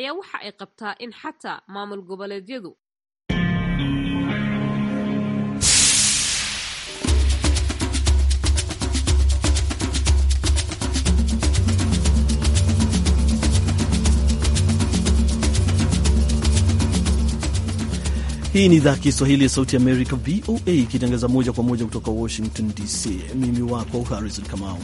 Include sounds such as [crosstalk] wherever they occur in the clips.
ayaa waxa ay qabtaa in xataa maamul goboleedyadu Hii ni idhaa Kiswahili ya sauti Amerika, VOA, ikitangaza moja kwa moja kutoka Washington DC. Mimi wako Harrison Kamau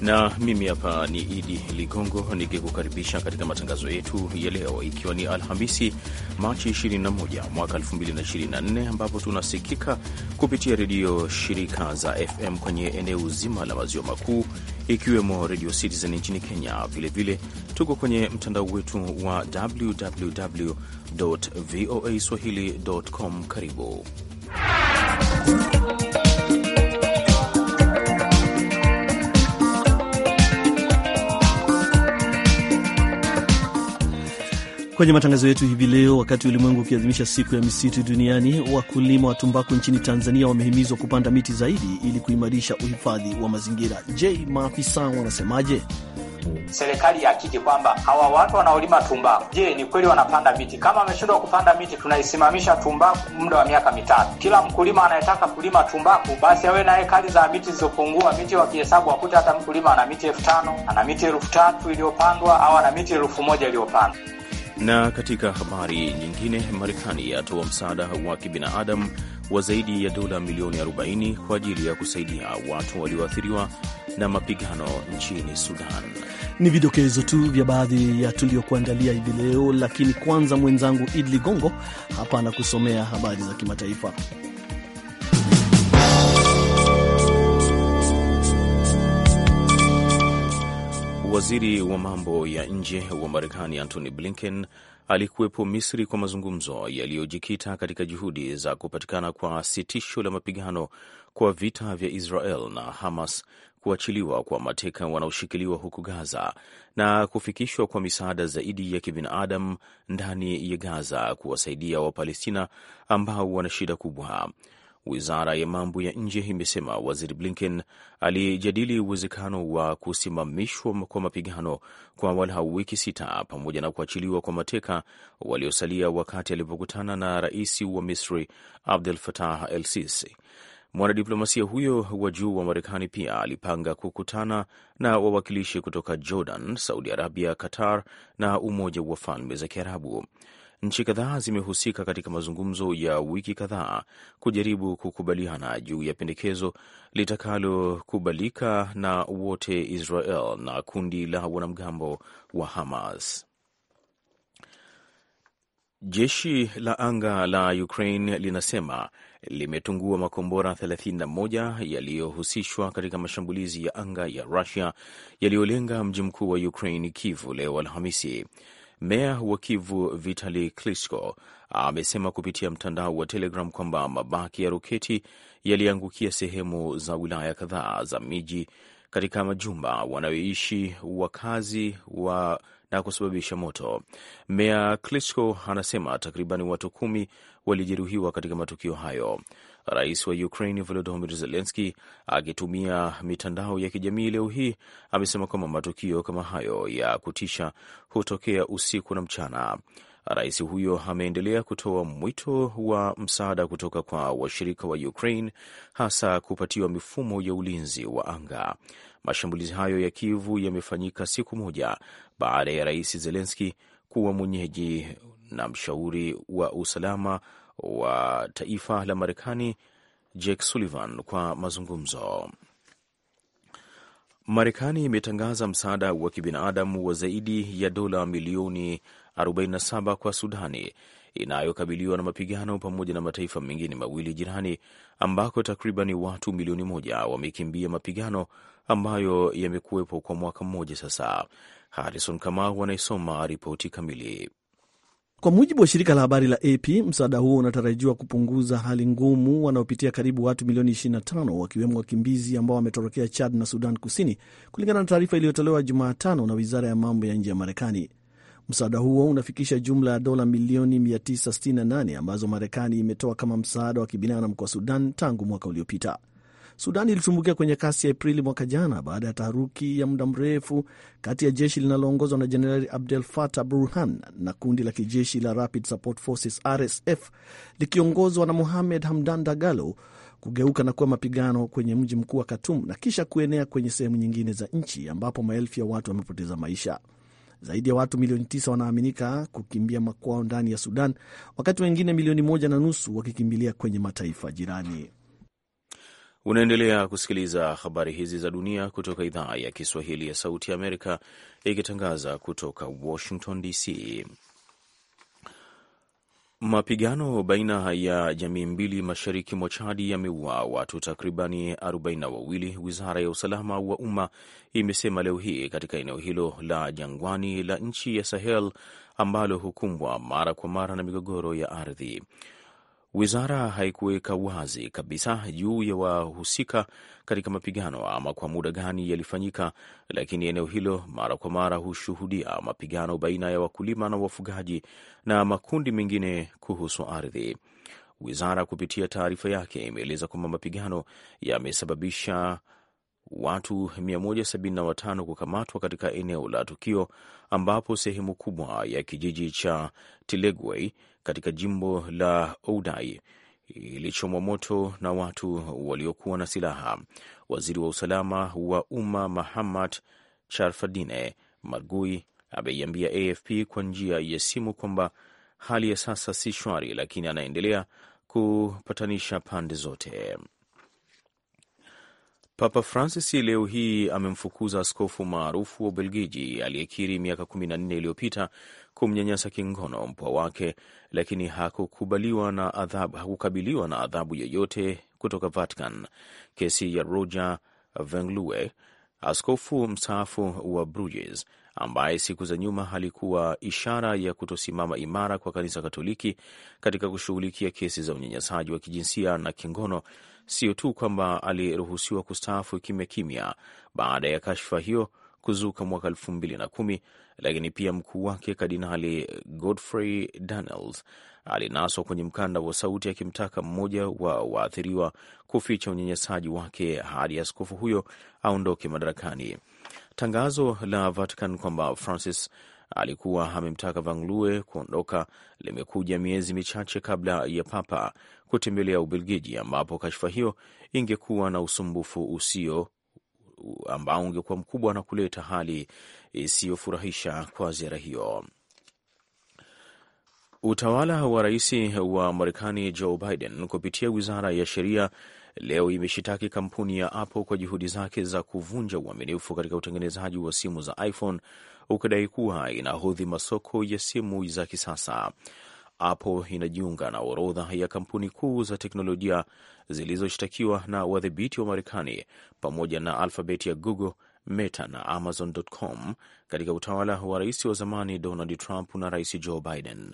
na mimi hapa ni Idi Ligongo nikikukaribisha katika matangazo yetu ya leo, ikiwa ni Alhamisi Machi 21 mwaka 2024, ambapo tunasikika kupitia redio shirika za FM kwenye eneo zima la maziwa makuu ikiwemo Radio Citizen nchini Kenya. Vilevile tuko kwenye mtandao wetu wa www voa swahili.com. Karibu kwenye matangazo yetu hivi leo. Wakati ulimwengu ukiadhimisha siku ya misitu duniani, wakulima wa tumbaku nchini Tanzania wamehimizwa kupanda miti zaidi ili kuimarisha uhifadhi wa mazingira. Je, maafisa wanasemaje? Serikali yakiki kwamba hawa watu wanaolima tumbaku, je, ni kweli wanapanda miti? Kama wameshindwa kupanda miti, tunaisimamisha tumbaku muda wa miaka mitatu. Kila mkulima anayetaka kulima tumbaku basi awe na ekari za miti zilizopungua. Miti wakihesabu wakuta hata mkulima ana miti elfu tano ana miti elfu tatu iliyopandwa au ana miti elfu moja iliyopandwa. Na katika habari nyingine, Marekani yatoa msaada wa kibinadamu wa zaidi ya dola milioni 40 kwa ajili ya kusaidia watu walioathiriwa na mapigano nchini Sudan. Ni vidokezo tu vya baadhi ya tuliyokuandalia hivi leo, lakini kwanza mwenzangu Idli Ligongo hapa anakusomea habari za kimataifa. Waziri wa mambo ya nje wa Marekani Antony Blinken alikuwepo Misri kwa mazungumzo yaliyojikita katika juhudi za kupatikana kwa sitisho la mapigano kwa vita vya Israel na Hamas, kuachiliwa kwa mateka wanaoshikiliwa huko Gaza na kufikishwa kwa misaada zaidi ya kibinadamu ndani ya Gaza kuwasaidia Wapalestina ambao wana shida kubwa. Wizara ya mambo ya nje imesema waziri Blinken alijadili uwezekano wa kusimamishwa kwa mapigano kwa walau wiki sita pamoja na kuachiliwa kwa mateka waliosalia wakati alipokutana na rais wa Misri Abdel Fattah El Sisi. Mwanadiplomasia huyo wa juu wa Marekani pia alipanga kukutana na wawakilishi kutoka Jordan, Saudi Arabia, Qatar na Umoja wa Falme za Kiarabu. Nchi kadhaa zimehusika katika mazungumzo ya wiki kadhaa kujaribu kukubaliana juu ya pendekezo litakalokubalika na wote, Israel na kundi la wanamgambo wa Hamas. Jeshi la anga la Ukraine linasema limetungua makombora 31 yaliyohusishwa katika mashambulizi ya anga ya Rusia yaliyolenga mji mkuu wa Ukraine, Kiev, leo Alhamisi. Meya wa Kivu Vitali Klitschko amesema kupitia mtandao wa Telegram kwamba mabaki ya roketi yaliangukia sehemu za wilaya kadhaa za miji katika majumba wanayoishi wakazi wa na kusababisha moto. Meya Klitschko anasema takribani watu kumi walijeruhiwa katika matukio hayo. Rais wa Ukraine Volodymyr Zelensky akitumia mitandao ya kijamii leo hii amesema kwamba matukio kama hayo ya kutisha hutokea usiku na mchana. Rais huyo ameendelea kutoa mwito wa msaada kutoka kwa washirika wa Ukraine, hasa kupatiwa mifumo ya ulinzi wa anga. Mashambulizi hayo ya Kivu yamefanyika siku moja baada ya Rais Zelensky kuwa mwenyeji na mshauri wa usalama wa taifa la Marekani Jake Sullivan kwa mazungumzo. Marekani imetangaza msaada wa kibinadamu wa zaidi ya dola milioni 47 kwa Sudani inayokabiliwa na mapigano pamoja na mataifa mengine mawili jirani ambako takriban watu milioni moja wamekimbia mapigano ambayo yamekuwepo kwa mwaka mmoja sasa. Harrison Kamau anaisoma ripoti kamili. Kwa mujibu wa shirika la habari la AP, msaada huo unatarajiwa kupunguza hali ngumu wanaopitia karibu watu milioni 25 wakiwemo wakimbizi ambao wametorokea Chad na Sudan Kusini, kulingana na taarifa iliyotolewa Jumatano na wizara ya mambo ya nje ya Marekani. Msaada huo unafikisha jumla ya dola milioni 968 ambazo Marekani imetoa kama msaada wa kibinadamu kwa Sudan tangu mwaka uliopita. Sudan ilitumbukia kwenye kasi ya Aprili mwaka jana baada ya taharuki ya muda mrefu kati ya jeshi linaloongozwa na Jenerali Abdel Fattah Burhan na kundi la kijeshi la Rapid Support Forces RSF likiongozwa na Mohamed Hamdan Dagalo kugeuka na kuwa mapigano kwenye mji mkuu wa Khartoum na kisha kuenea kwenye sehemu nyingine za nchi ambapo maelfu ya watu wamepoteza maisha. Zaidi ya watu milioni tisa wanaaminika kukimbia makwao ndani ya Sudan, wakati wengine milioni moja na nusu wakikimbilia kwenye mataifa jirani. Unaendelea kusikiliza habari hizi za dunia kutoka idhaa ya Kiswahili ya Sauti ya Amerika ikitangaza kutoka Washington DC. Mapigano baina ya jamii mbili mashariki mwa Chadi yameua watu takribani 4wawili wizara ya usalama wa umma imesema leo hii katika eneo hilo la jangwani la nchi ya Sahel ambalo hukumbwa mara kwa mara na migogoro ya ardhi. Wizara haikuweka wazi kabisa juu ya wahusika katika mapigano ama kwa muda gani yalifanyika, lakini eneo hilo mara kwa mara hushuhudia mapigano baina ya wakulima na wafugaji na makundi mengine kuhusu ardhi. Wizara kupitia taarifa yake imeeleza kwamba mapigano yamesababisha watu 175 kukamatwa katika eneo la tukio, ambapo sehemu kubwa ya kijiji cha Tilegwey katika jimbo la Oudai ilichomwa moto na watu waliokuwa na silaha. Waziri wa usalama wa umma Mahamad Charfadine Margui ameiambia AFP kwa njia ya simu kwamba hali ya sasa si shwari, lakini anaendelea kupatanisha pande zote. Papa Francis leo hii amemfukuza askofu maarufu wa Ubelgiji aliyekiri miaka 14 iliyopita kumnyanyasa kingono mpwa wake, lakini hakukubaliwa na adhabu, hakukabiliwa na adhabu yoyote kutoka Vatican. Kesi ya Roger Venglue, askofu mstaafu wa Bruges ambaye siku za nyuma alikuwa ishara ya kutosimama imara kwa kanisa Katoliki katika kushughulikia kesi za unyanyasaji wa kijinsia na kingono. Sio tu kwamba aliruhusiwa kustaafu kimya kimya baada ya kashfa hiyo kuzuka mwaka elfu mbili na kumi, lakini pia mkuu wake Kardinali Godfrey Daniels alinaswa kwenye mkanda wa sauti akimtaka mmoja wa waathiriwa kuficha unyanyasaji wake hadi askofu huyo aondoke madarakani. Tangazo la Vatican kwamba Francis alikuwa amemtaka Vanglue kuondoka limekuja miezi michache kabla ya Papa kutembelea Ubelgiji, ambapo kashfa hiyo ingekuwa na usumbufu usio ambao ungekuwa mkubwa na kuleta hali isiyofurahisha kwa ziara hiyo. Utawala wa rais wa Marekani Joe Biden kupitia wizara ya sheria leo imeshitaki kampuni ya Apple kwa juhudi zake za kuvunja uaminifu katika utengenezaji wa simu za iPhone, ukidai kuwa inahodhi masoko ya simu za kisasa. Apple inajiunga na orodha ya kampuni kuu za teknolojia zilizoshtakiwa na wadhibiti wa Marekani pamoja na Alphabet ya Google, Meta na Amazon.com katika utawala wa rais wa zamani Donald Trump na Rais Joe Biden.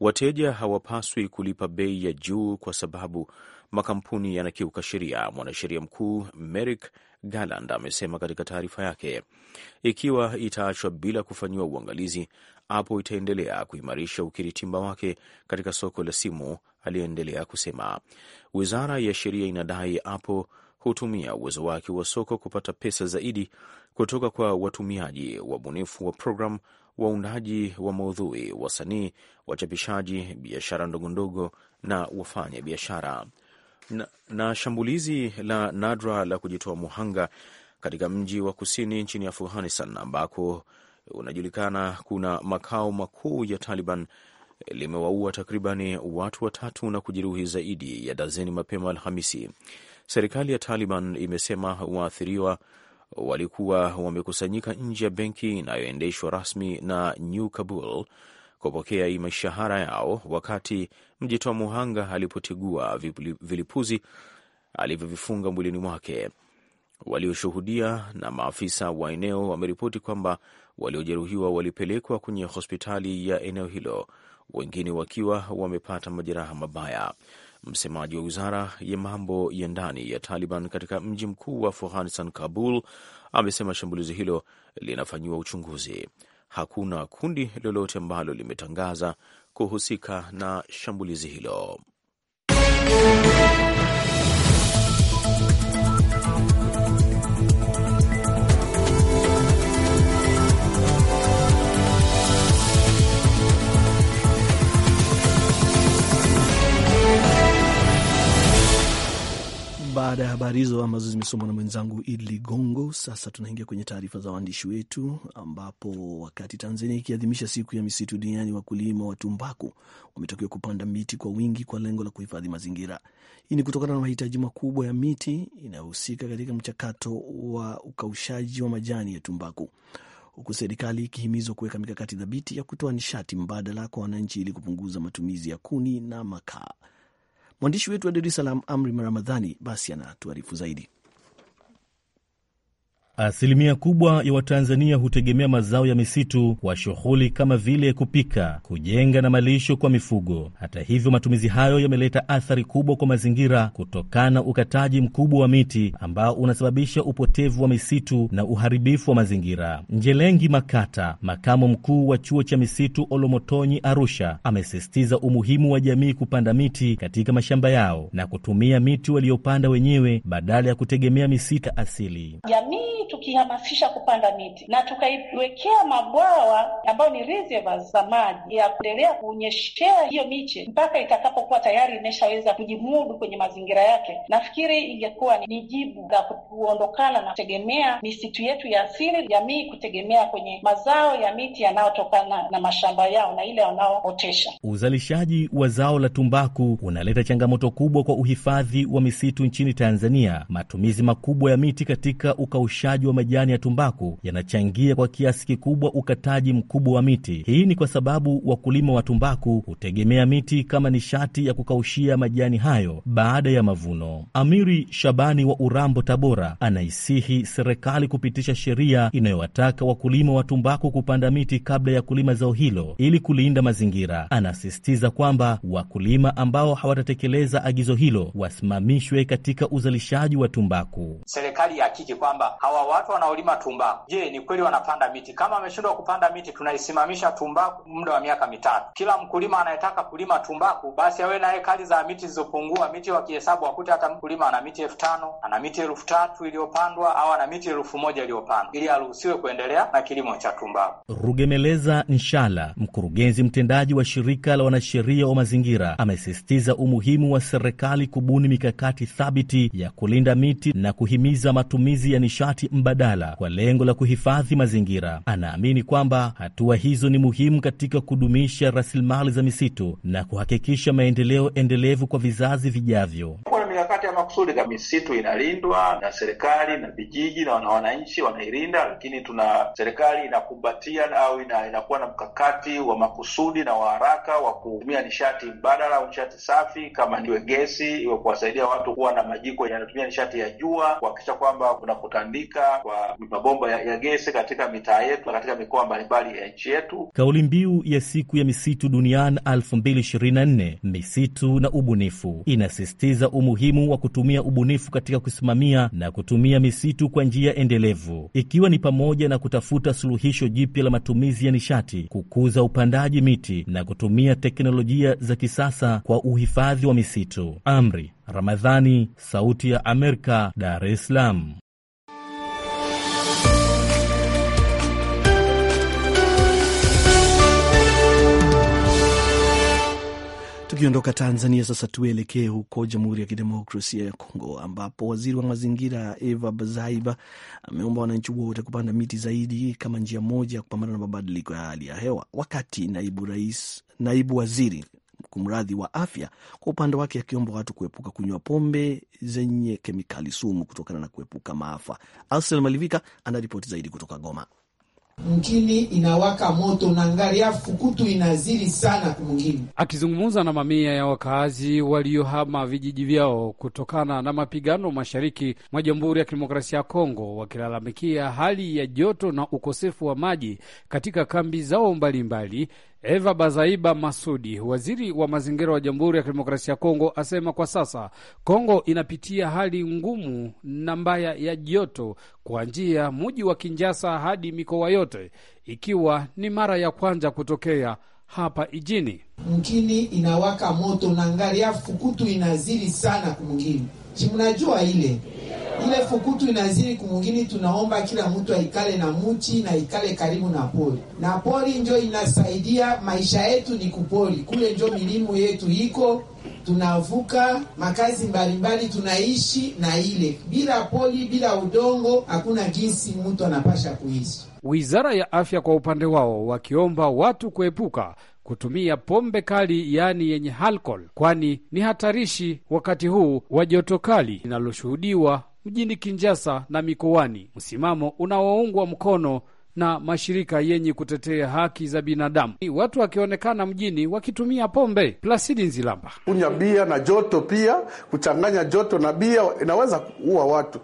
Wateja hawapaswi kulipa bei ya juu kwa sababu makampuni yanakiuka sheria, mwanasheria mkuu Merrick Garland amesema katika taarifa yake. Ikiwa itaachwa bila kufanyiwa uangalizi, Apple itaendelea kuimarisha ukiritimba wake katika soko la simu, aliyeendelea kusema. Wizara ya sheria inadai Apple hutumia uwezo wake wa soko kupata pesa zaidi kutoka kwa watumiaji, wabunifu wa programu, waundaji wa maudhui, wasanii, wachapishaji, biashara ndogondogo na wafanya biashara. Na, na shambulizi la nadra la kujitoa muhanga katika mji wa kusini nchini Afghanistan ambako unajulikana kuna makao makuu ya Taliban limewaua takribani watu watatu na kujeruhi zaidi ya dazeni mapema Alhamisi. Serikali ya Taliban imesema waathiriwa walikuwa wamekusanyika nje ya benki inayoendeshwa rasmi na New Kabul kupokea mishahara yao wakati mjitoa muhanga alipotegua vilipuzi alivyovifunga mwilini mwake. Walioshuhudia na maafisa wa eneo wameripoti kwamba waliojeruhiwa walipelekwa kwenye hospitali ya eneo hilo, wengine wakiwa wamepata majeraha mabaya. Msemaji wa wizara ya mambo ya ndani ya Taliban katika mji mkuu wa Afghanistan, Kabul, amesema shambulizi hilo linafanyiwa uchunguzi hakuna kundi lolote ambalo limetangaza kuhusika na shambulizi hilo. Baada ya habari hizo ambazo zimesomwa na mwenzangu Idi Ligongo, sasa tunaingia kwenye taarifa za waandishi wetu, ambapo wakati Tanzania ikiadhimisha siku ya misitu duniani, wakulima wa tumbaku wametakiwa kupanda miti kwa wingi kwa lengo la kuhifadhi mazingira. Hii ni kutokana na mahitaji makubwa ya miti inayohusika katika mchakato wa ukaushaji wa majani ya tumbaku, huku serikali ikihimizwa kuweka mikakati thabiti ya kutoa nishati mbadala kwa wananchi ili kupunguza matumizi ya kuni na makaa. Mwandishi wetu wa Dar es Salaam, Amri Maramadhani, basi anatuarifu zaidi. Asilimia kubwa ya Watanzania hutegemea mazao ya misitu kwa shughuli kama vile kupika, kujenga na malisho kwa mifugo. Hata hivyo, matumizi hayo yameleta athari kubwa kwa mazingira kutokana ukataji mkubwa wa miti ambao unasababisha upotevu wa misitu na uharibifu wa mazingira. Njelengi Makata, makamu mkuu wa chuo cha misitu Olomotonyi Arusha, amesisitiza umuhimu wa jamii kupanda miti katika mashamba yao na kutumia miti waliopanda wenyewe badala ya kutegemea misitu asili jamii tukihamasisha kupanda miti na tukaiwekea mabwawa ambayo ni reservoirs za maji ya kuendelea kunyeshea hiyo miche mpaka itakapokuwa tayari imeshaweza kujimudu kwenye mazingira yake, nafikiri ingekuwa ni jibu la kuondokana na kutegemea misitu yetu ya asili, jamii kutegemea kwenye mazao ya miti yanayotokana na mashamba yao na ile wanaootesha. Uzalishaji wa zao la tumbaku unaleta changamoto kubwa kwa uhifadhi wa misitu nchini Tanzania. Matumizi makubwa ya miti katika ukaushaji ukataji wa majani ya tumbaku yanachangia kwa kiasi kikubwa ukataji mkubwa wa miti. Hii ni kwa sababu wakulima wa tumbaku hutegemea miti kama nishati ya kukaushia majani hayo baada ya mavuno. Amiri Shabani wa Urambo, Tabora, anaisihi serikali kupitisha sheria inayowataka wakulima wa tumbaku kupanda miti kabla ya kulima zao hilo ili kulinda mazingira. Anasisitiza kwamba wakulima ambao hawatatekeleza agizo hilo wasimamishwe katika uzalishaji wa tumbaku. Serikali ihakiki kwamba hawa watu wanaolima tumbaku, je, ni kweli wanapanda miti? Kama ameshindwa kupanda miti, tunaisimamisha tumbaku muda wa miaka mitatu. Kila mkulima anayetaka kulima tumbaku basi awe naye kali za miti zilizopungua, miti wakihesabu wakute hata mkulima ana miti elfu tano ana miti elfu tatu iliyopandwa au ana miti elfu moja iliyopandwa, ili aruhusiwe kuendelea na kilimo cha tumbaku. Rugemeleza Nshala, mkurugenzi mtendaji wa shirika la wanasheria wa mazingira, amesisitiza umuhimu wa serikali kubuni mikakati thabiti ya kulinda miti na kuhimiza matumizi ya nishati mbadala kwa lengo la kuhifadhi mazingira. Anaamini kwamba hatua hizo ni muhimu katika kudumisha rasilimali za misitu na kuhakikisha maendeleo endelevu kwa vizazi vijavyo mikakati ya makusudi kama misitu inalindwa na serikali na vijiji na wananchi wanailinda, lakini tuna serikali inakumbatia au ina, inakuwa na mkakati wa makusudi na wa haraka wa kutumia nishati mbadala au nishati safi kama niwe gesi, iwe kuwasaidia watu kuwa na majiko yanayotumia nishati ya jua, kuhakikisha kwamba kuna kutandika kwa mabomba ya, ya gesi katika mitaa yetu na katika mikoa mbalimbali ya nchi yetu. Kauli mbiu ya siku ya misitu duniani 2024 misitu na ubunifu inasisitiza umuhimu umuhimu wa kutumia ubunifu katika kusimamia na kutumia misitu kwa njia endelevu, ikiwa ni pamoja na kutafuta suluhisho jipya la matumizi ya nishati, kukuza upandaji miti na kutumia teknolojia za kisasa kwa uhifadhi wa misitu. Amri Ramadhani, Sauti ya Amerika, Dar es Salaam. Tukiondoka Tanzania sasa, tuelekee huko Jamhuri ya Kidemokrasia ya Kongo, ambapo waziri wa mazingira Eva Bazaiba ameomba wananchi wote kupanda miti zaidi kama njia moja ya kupambana na mabadiliko ya hali ya hewa, wakati naibu rais, naibu waziri kumradhi wa afya kwa upande wake akiomba watu kuepuka kunywa pombe zenye kemikali sumu kutokana na kuepuka maafa. Alsel Malivika anaripoti zaidi kutoka Goma mkini inawaka moto na ngaria fukutu inazidi sana kumwingine. Akizungumza na mamia ya wakazi waliohama vijiji vyao kutokana na mapigano mashariki mwa Jamhuri ya Kidemokrasia ya Kongo, wakilalamikia hali ya joto na ukosefu wa maji katika kambi zao mbalimbali mbali. Eva Bazaiba Masudi, waziri wa mazingira wa Jamhuri ya Kidemokrasia ya Kongo, asema kwa sasa Kongo inapitia hali ngumu na mbaya ya joto kuanzia muji wa kinjasa hadi mikoa yote, ikiwa ni mara ya kwanza kutokea hapa ijini. Mkini inawaka moto na ngari afu kutu inaziri sana kumngini Si mnajua ile ile fukutu inaziri kumungini, tunaomba kila mtu aikale na muchi na ikale karibu na pori, na pori njo inasaidia maisha yetu, ni kupori kule, njo milimu yetu iko, tunavuka makazi mbalimbali, tunaishi na ile. Bila pori, bila udongo, hakuna jinsi mtu anapasha kuishi. Wizara ya Afya kwa upande wao wakiomba watu kuepuka kutumia pombe kali, yaani yenye alcohol, kwani ni hatarishi wakati huu wa joto kali linaloshuhudiwa mjini Kinshasa na mikoani, msimamo unaoungwa mkono na mashirika yenye kutetea haki za binadamu, watu wakionekana mjini wakitumia pombe. Plasidi Nzilamba: kunywa bia na joto, pia kuchanganya joto na bia inaweza kuua watu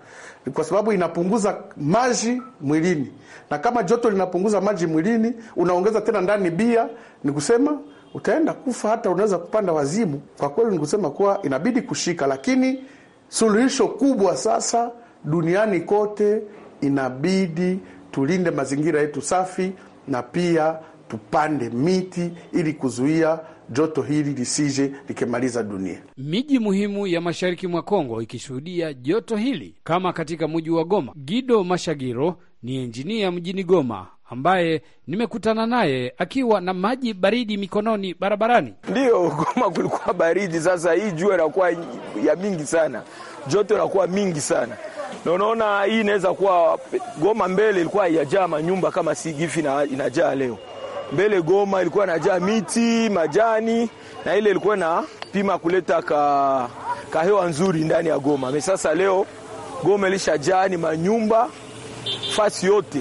kwa sababu inapunguza maji mwilini, na kama joto linapunguza maji mwilini, unaongeza tena ndani bia, ni kusema utaenda kufa, hata unaweza kupanda wazimu. Kwa kweli ni kusema kuwa inabidi kushika, lakini suluhisho kubwa sasa duniani kote inabidi tulinde mazingira yetu safi na pia tupande miti ili kuzuia joto hili lisije likimaliza dunia. Miji muhimu ya mashariki mwa Kongo ikishuhudia joto hili kama katika mji wa Goma. Gido Mashagiro ni enjinia mjini Goma ambaye nimekutana naye akiwa na maji baridi mikononi barabarani. Ndiyo, [laughs] Goma kulikuwa baridi, sasa hii jua inakuwa ya mingi sana, joto inakuwa mingi sana na unaona hii inaweza kuwa Goma mbele ilikuwa haijajaa manyumba kama si gifi na inajaa leo. Mbele Goma ilikuwa inajaa miti, majani na ile ilikuwa na pima kuleta ka, ka hewa nzuri ndani ya Goma. Sasa leo Goma ilishajaa ni manyumba fasi yote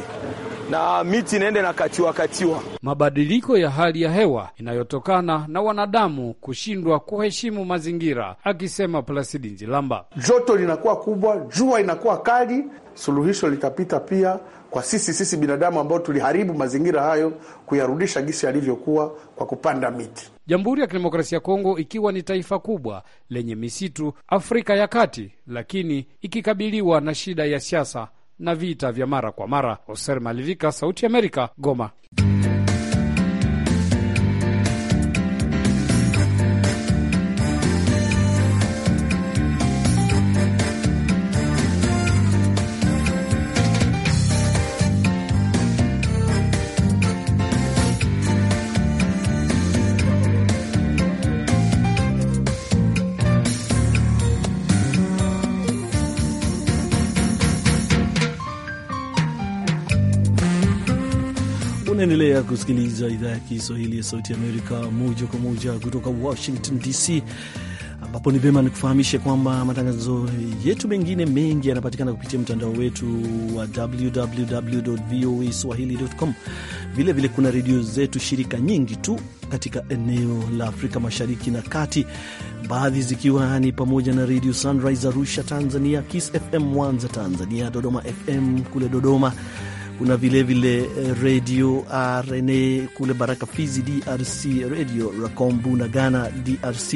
na miti inaenda inakatiwa katiwa. Mabadiliko ya hali ya hewa inayotokana na wanadamu kushindwa kuheshimu mazingira, akisema Plasidi Njilamba. Joto linakuwa kubwa, jua inakuwa kali, suluhisho litapita pia kwa sisi sisi binadamu ambao tuliharibu mazingira hayo kuyarudisha gisi yalivyokuwa kwa kupanda miti. Jamhuri ya Kidemokrasia ya Kongo ikiwa ni taifa kubwa lenye misitu Afrika ya Kati, lakini ikikabiliwa na shida ya siasa na vita vya mara kwa mara. Hoser Malivika, Sauti ya Amerika, Goma. Unaendelea kusikiliza idhaa ya Kiswahili ya Sauti Amerika moja kwa moja kutoka Washington DC, ambapo ni vyema nikufahamishe kwamba matangazo yetu mengine mengi yanapatikana kupitia mtandao wetu wa www voa swahili.com. Vilevile kuna redio zetu shirika nyingi tu katika eneo la Afrika Mashariki na Kati, baadhi zikiwa ni pamoja na Redio Sunrise Arusha Tanzania, Kiss FM Mwanza Tanzania, Dodoma FM kule Dodoma, kuna vilevile eh, redio rne kule Baraka, Fizi, DRC, redio Rakombu na Ghana, DRC.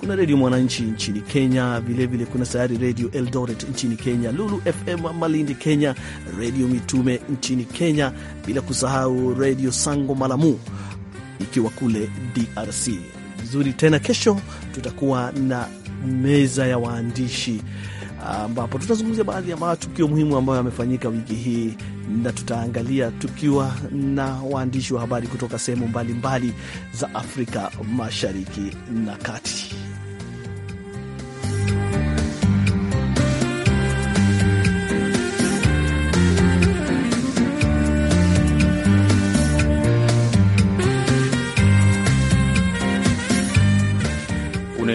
Kuna redio Mwananchi nchini Kenya, vilevile kuna sayari redio Eldoret nchini Kenya, Lulu FM Malindi Kenya, redio Mitume nchini Kenya, bila kusahau redio Sango Malamu ikiwa kule DRC. Vizuri tena, kesho tutakuwa na meza ya waandishi ambapo tutazungumzia baadhi ya matukio muhimu ambayo yamefanyika wiki hii na tutaangalia tukiwa na waandishi wa habari kutoka sehemu mbalimbali za Afrika Mashariki na Kati.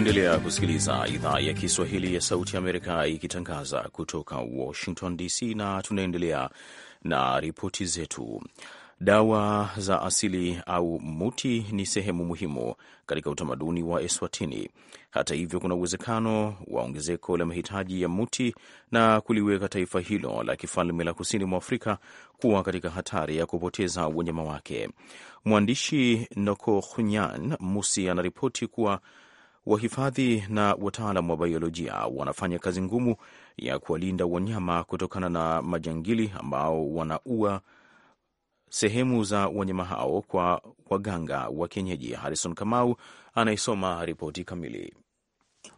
Unaendelea kusikiliza idhaa ya Kiswahili ya Sauti ya Amerika ikitangaza kutoka Washington DC, na tunaendelea na ripoti zetu. Dawa za asili au muti ni sehemu muhimu katika utamaduni wa Eswatini. Hata hivyo, kuna uwezekano wa ongezeko la mahitaji ya muti na kuliweka taifa hilo la kifalme la kusini mwa Afrika kuwa katika hatari ya kupoteza wanyama wake. Mwandishi Noko Musi anaripoti kuwa Wahifadhi na wataalam wa biolojia wanafanya kazi ngumu ya kuwalinda wanyama kutokana na majangili ambao wanaua sehemu za wanyama hao kwa waganga wa kienyeji. Harrison Kamau anaisoma ripoti kamili.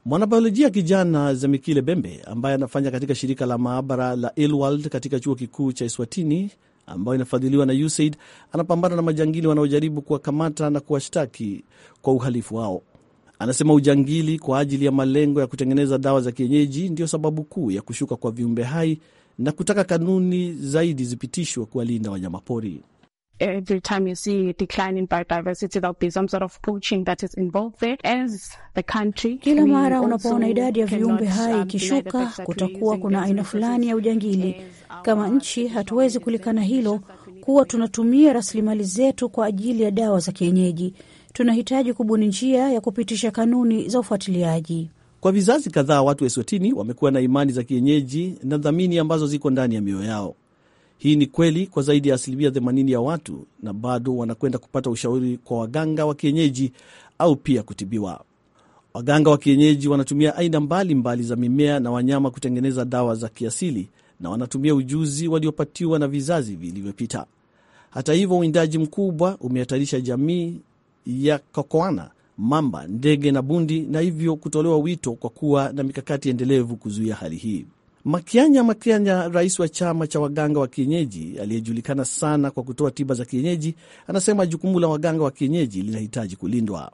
Mwanabiolojia kijana Zemikile Bembe ambaye anafanya katika shirika la maabara la Ilwald katika chuo kikuu cha Eswatini ambayo inafadhiliwa na USAID anapambana na majangili wanaojaribu kuwakamata na kuwashtaki kwa uhalifu wao. Anasema ujangili kwa ajili ya malengo ya kutengeneza dawa za kienyeji ndiyo sababu kuu ya kushuka kwa viumbe hai na kutaka kanuni zaidi zipitishwe kuwalinda wanyamapori. Kila mara unapoona idadi ya viumbe hai um, ikishuka, kutakuwa kuna aina fulani ya ujangili. Kama nchi, hatuwezi kulikana hilo kuwa tunatumia rasilimali zetu kwa ajili ya dawa za kienyeji tunahitaji kubuni njia ya kupitisha kanuni za ufuatiliaji. Kwa vizazi kadhaa, watu Eswatini wamekuwa na imani za kienyeji na dhamini ambazo ziko ndani ya mioyo yao. Hii ni kweli kwa zaidi ya asilimia 80 ya watu, na bado wanakwenda kupata ushauri kwa waganga wa kienyeji au pia kutibiwa. Waganga wa kienyeji wanatumia aina mbalimbali mbali za mimea na wanyama kutengeneza dawa za kiasili, na wanatumia ujuzi waliopatiwa na vizazi vilivyopita. Hata hivyo, uwindaji mkubwa umehatarisha jamii ya kokoana, mamba, ndege na bundi, na hivyo kutolewa wito kwa kuwa na mikakati endelevu kuzuia hali hii. Makianya Makianya, rais wa chama cha waganga wa kienyeji aliyejulikana sana kwa kutoa tiba za kienyeji, anasema jukumu la waganga wa kienyeji linahitaji kulindwa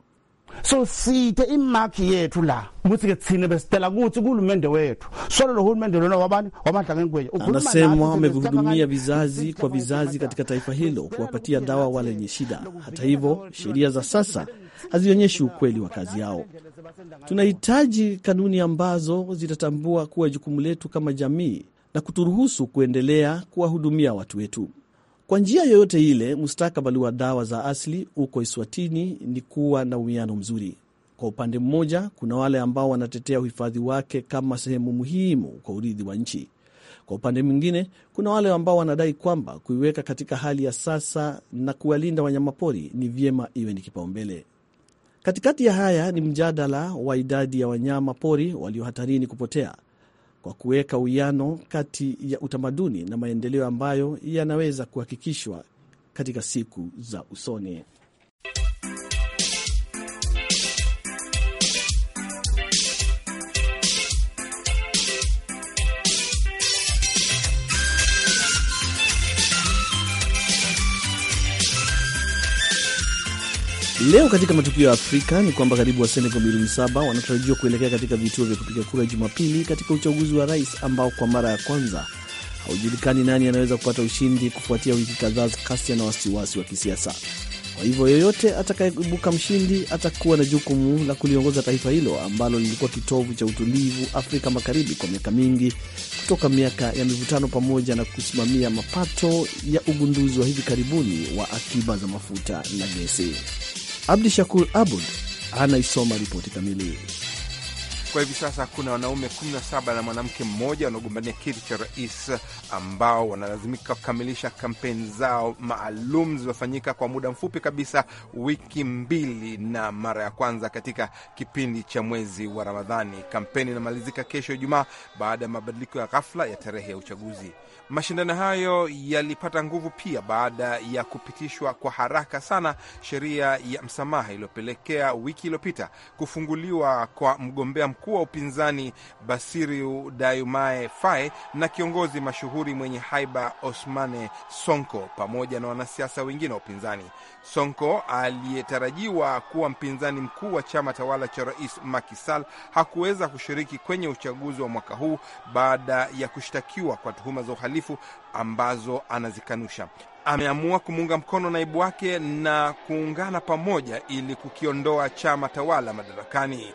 so site imaki yethu la ukuthi-ke thina besicela kuthi kuhulumende wetu swala lohulumende lona wabani wamadlangengwenye anasema amevihudumia vizazi kwa vizazi katika taifa hilo kuwapatia dawa wale wenye shida. Hata hivyo, sheria za sasa hazionyeshi ukweli wa kazi yao. Tunahitaji kanuni ambazo zitatambua kuwa jukumu letu kama jamii na kuturuhusu kuendelea kuwahudumia watu wetu. Kwa njia yoyote ile, mustakabali wa dawa za asili huko Iswatini ni kuwa na uwiano mzuri. Kwa upande mmoja, kuna wale ambao wanatetea uhifadhi wake kama sehemu muhimu kwa urithi wa nchi. Kwa upande mwingine, kuna wale ambao wanadai kwamba kuiweka katika hali ya sasa na kuwalinda wanyamapori ni vyema iwe ni kipaumbele. Katikati ya haya ni mjadala wa idadi ya wanyama pori walio hatarini kupotea kwa kuweka uwiano kati ya utamaduni na maendeleo ambayo yanaweza kuhakikishwa katika siku za usoni. Leo katika matukio ya Afrika ni kwamba karibu Wasenegal milioni saba wanatarajiwa kuelekea katika vituo vya kupiga kura Jumapili katika uchaguzi wa rais ambao kwa mara ya kwanza haujulikani nani anaweza kupata ushindi kufuatia wiki kadhaa za kasia na wasiwasi wa kisiasa. Kwa hivyo yoyote atakayeibuka mshindi atakuwa na jukumu la kuliongoza taifa hilo ambalo lilikuwa kitovu cha utulivu Afrika Magharibi kwa miaka mingi, kutoka miaka ya mivutano, pamoja na kusimamia mapato ya ugunduzi wa hivi karibuni wa akiba za mafuta na gesi. Abdi Shakur Abud anaisoma ripoti kamili. Kwa hivi sasa kuna wanaume 17 na mwanamke mmoja wanaogombania kiti cha rais ambao wanalazimika kukamilisha kampeni zao maalum zilizofanyika kwa muda mfupi kabisa, wiki mbili na mara ya kwanza katika kipindi cha mwezi wa Ramadhani. Kampeni inamalizika kesho Ijumaa baada ya mabadiliko ya ghafla ya tarehe ya uchaguzi. Mashindano hayo yalipata nguvu pia baada ya kupitishwa kwa haraka sana sheria ya msamaha iliyopelekea wiki iliyopita kufunguliwa kwa mgombea mkuu wa upinzani Basiru Diomaye Faye na kiongozi mashuhuri mwenye haiba osmane Sonko pamoja na wanasiasa wengine wa upinzani. Sonko aliyetarajiwa kuwa mpinzani mkuu wa chama tawala cha rais Macky Sall hakuweza kushiriki kwenye uchaguzi wa mwaka huu baada ya kushtakiwa kwa tuhuma za uhalifu uhalifu ambazo anazikanusha. Ameamua kumuunga mkono naibu wake na kuungana pamoja ili kukiondoa chama tawala madarakani.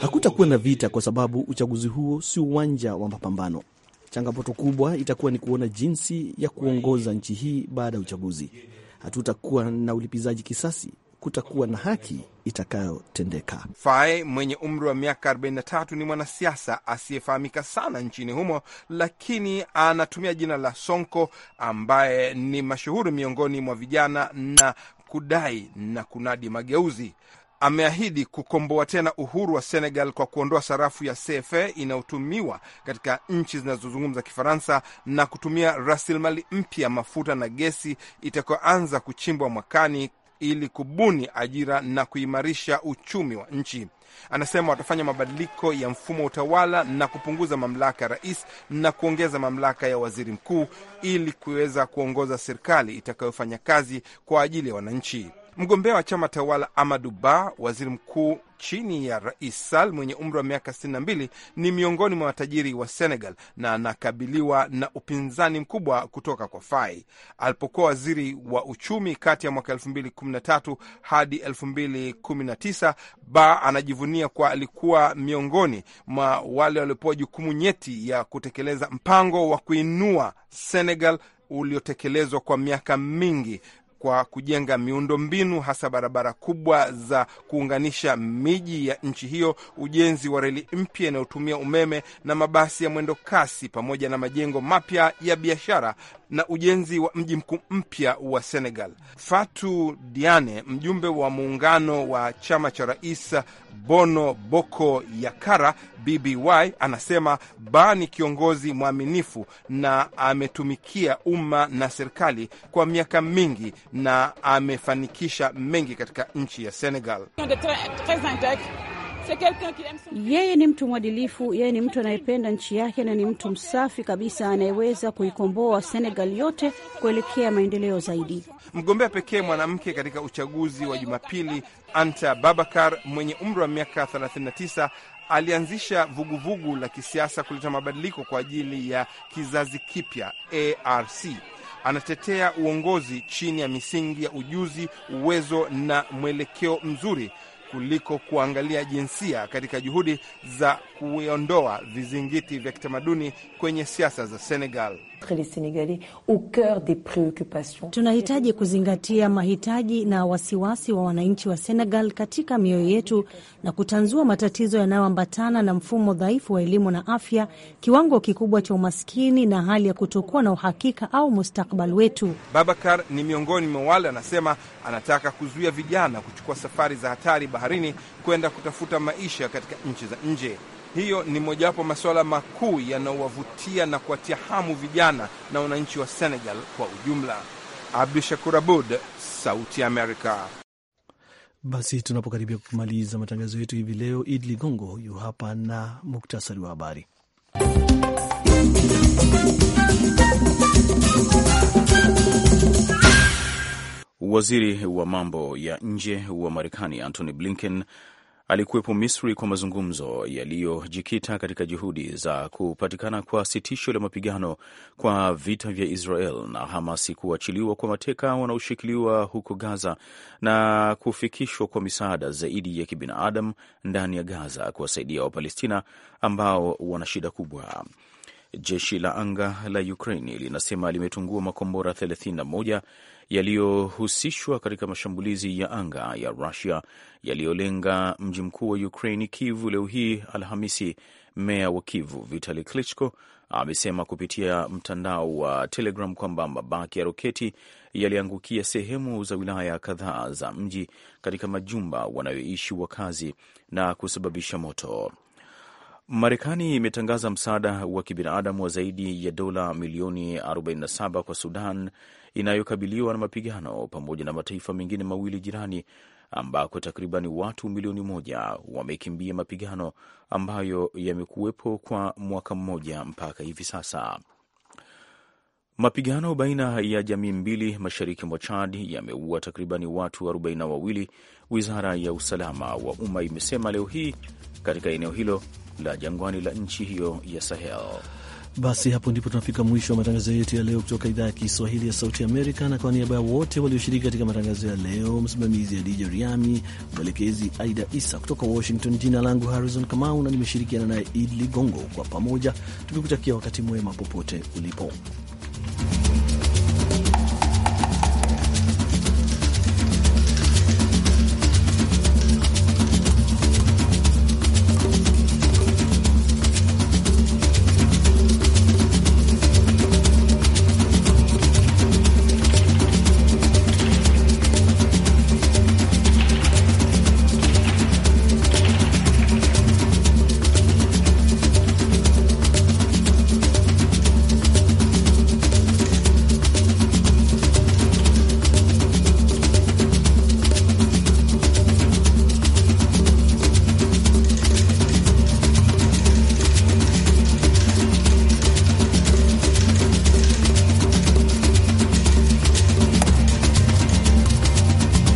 Hakutakuwa na vita kwa sababu uchaguzi huo si uwanja wa mapambano. Changamoto kubwa itakuwa ni kuona jinsi ya kuongoza nchi hii baada ya uchaguzi. Hatutakuwa na ulipizaji kisasi kutakuwa na haki itakayotendeka. Fae mwenye umri wa miaka 43 ni mwanasiasa asiyefahamika sana nchini humo, lakini anatumia jina la Sonko ambaye ni mashuhuri miongoni mwa vijana na kudai na kunadi mageuzi. Ameahidi kukomboa tena uhuru wa Senegal kwa kuondoa sarafu ya CFA inayotumiwa katika nchi zinazozungumza Kifaransa na kutumia rasilimali mpya, mafuta na gesi, itakayoanza kuchimbwa mwakani ili kubuni ajira na kuimarisha uchumi wa nchi. Anasema watafanya mabadiliko ya mfumo wa utawala na kupunguza mamlaka ya rais na kuongeza mamlaka ya waziri mkuu ili kuweza kuongoza serikali itakayofanya kazi kwa ajili ya wananchi. Mgombea wa chama tawala Amadu Ba, waziri mkuu chini ya Rais Sall mwenye umri wa miaka 62 ni miongoni mwa matajiri wa Senegal na anakabiliwa na upinzani mkubwa kutoka kwa Fai. Alipokuwa waziri wa uchumi kati ya mwaka 2013 hadi 2019, Ba anajivunia kuwa alikuwa miongoni mwa wale waliopewa jukumu nyeti ya kutekeleza mpango wa kuinua Senegal uliotekelezwa kwa miaka mingi kwa kujenga mbinu hasa barabara kubwa za kuunganisha miji ya nchi hiyo, ujenzi wa reli mpya inayotumia umeme na mabasi ya mwendo kasi, pamoja na majengo mapya ya biashara na ujenzi wa mji mkuu mpya wa Senegal. Fatu Diane, mjumbe wa muungano wa chama cha rais Bono Boko Yakara BBY, anasema Ba ni kiongozi mwaminifu na ametumikia umma na serikali kwa miaka mingi na amefanikisha mengi katika nchi ya Senegal. Yeye ni mtu mwadilifu, yeye ni mtu anayependa nchi yake na ni mtu msafi kabisa anayeweza kuikomboa Senegal yote kuelekea maendeleo zaidi. Mgombea pekee mwanamke katika uchaguzi wa Jumapili, Anta Babakar mwenye umri wa miaka 39 alianzisha vuguvugu la kisiasa kuleta mabadiliko kwa ajili ya kizazi kipya ARC. Anatetea uongozi chini ya misingi ya ujuzi, uwezo na mwelekeo mzuri kuliko kuangalia jinsia katika juhudi za kuondoa vizingiti vya kitamaduni kwenye siasa za Senegal. Tunahitaji kuzingatia mahitaji na wasiwasi wa wananchi wa Senegal katika mioyo yetu na kutanzua matatizo yanayoambatana na mfumo dhaifu wa elimu na afya, kiwango kikubwa cha umaskini na hali ya kutokuwa na uhakika au mustakbal wetu. Babakar ni miongoni mwa wale anasema anataka kuzuia vijana kuchukua safari za hatari baharini kwenda kutafuta maisha katika nchi za nje. Hiyo ni mojawapo masuala makuu yanayowavutia na kuwatia hamu vijana na wananchi wa Senegal kwa ujumla. Abdu Shakur Abud, Sauti Amerika. Basi tunapokaribia kumaliza matangazo yetu hivi leo, id Ligongo yu hapa na muktasari wa habari. Waziri wa mambo ya nje wa Marekani Antony Blinken alikuwepo Misri kwa mazungumzo yaliyojikita katika juhudi za kupatikana kwa sitisho la mapigano kwa vita vya Israel na Hamasi, kuachiliwa kwa mateka wanaoshikiliwa huko Gaza na kufikishwa kwa misaada zaidi ya kibinadamu ndani ya Gaza kuwasaidia Wapalestina ambao wana shida kubwa. Jeshi la anga la Ukraine linasema limetungua makombora 31 yaliyohusishwa katika mashambulizi ya anga ya Rusia yaliyolenga mji mkuu wa Ukraine, Kivu. Leo hii Alhamisi, meya wa Kivu Vitali Klitschko amesema kupitia mtandao wa Telegram kwamba mabaki ya roketi yaliangukia sehemu za wilaya kadhaa za mji katika majumba wanayoishi wakazi na kusababisha moto. Marekani imetangaza msaada wa kibinadamu wa zaidi ya dola milioni 47 kwa Sudan inayokabiliwa na mapigano pamoja na mataifa mengine mawili jirani ambako takriban watu milioni moja wamekimbia mapigano ambayo yamekuwepo kwa mwaka mmoja mpaka hivi sasa. Mapigano baina ya jamii mbili mashariki mwa Chad yameua takriban watu arobaini na wawili, wizara ya usalama wa umma imesema leo hii katika eneo hilo la jangwani la nchi hiyo ya Sahel. Basi hapo ndipo tunafika mwisho wa matangazo yetu ya leo kutoka idhaa ya Kiswahili ya Sauti Amerika, na kwa niaba ya wote walioshiriki katika matangazo ya leo, msimamizi Adija Riami, mwelekezi Aida Isa kutoka Washington. Jina langu Harrison Kamau na nimeshirikiana naye Idi Ligongo, kwa pamoja tukikutakia wakati mwema popote ulipo.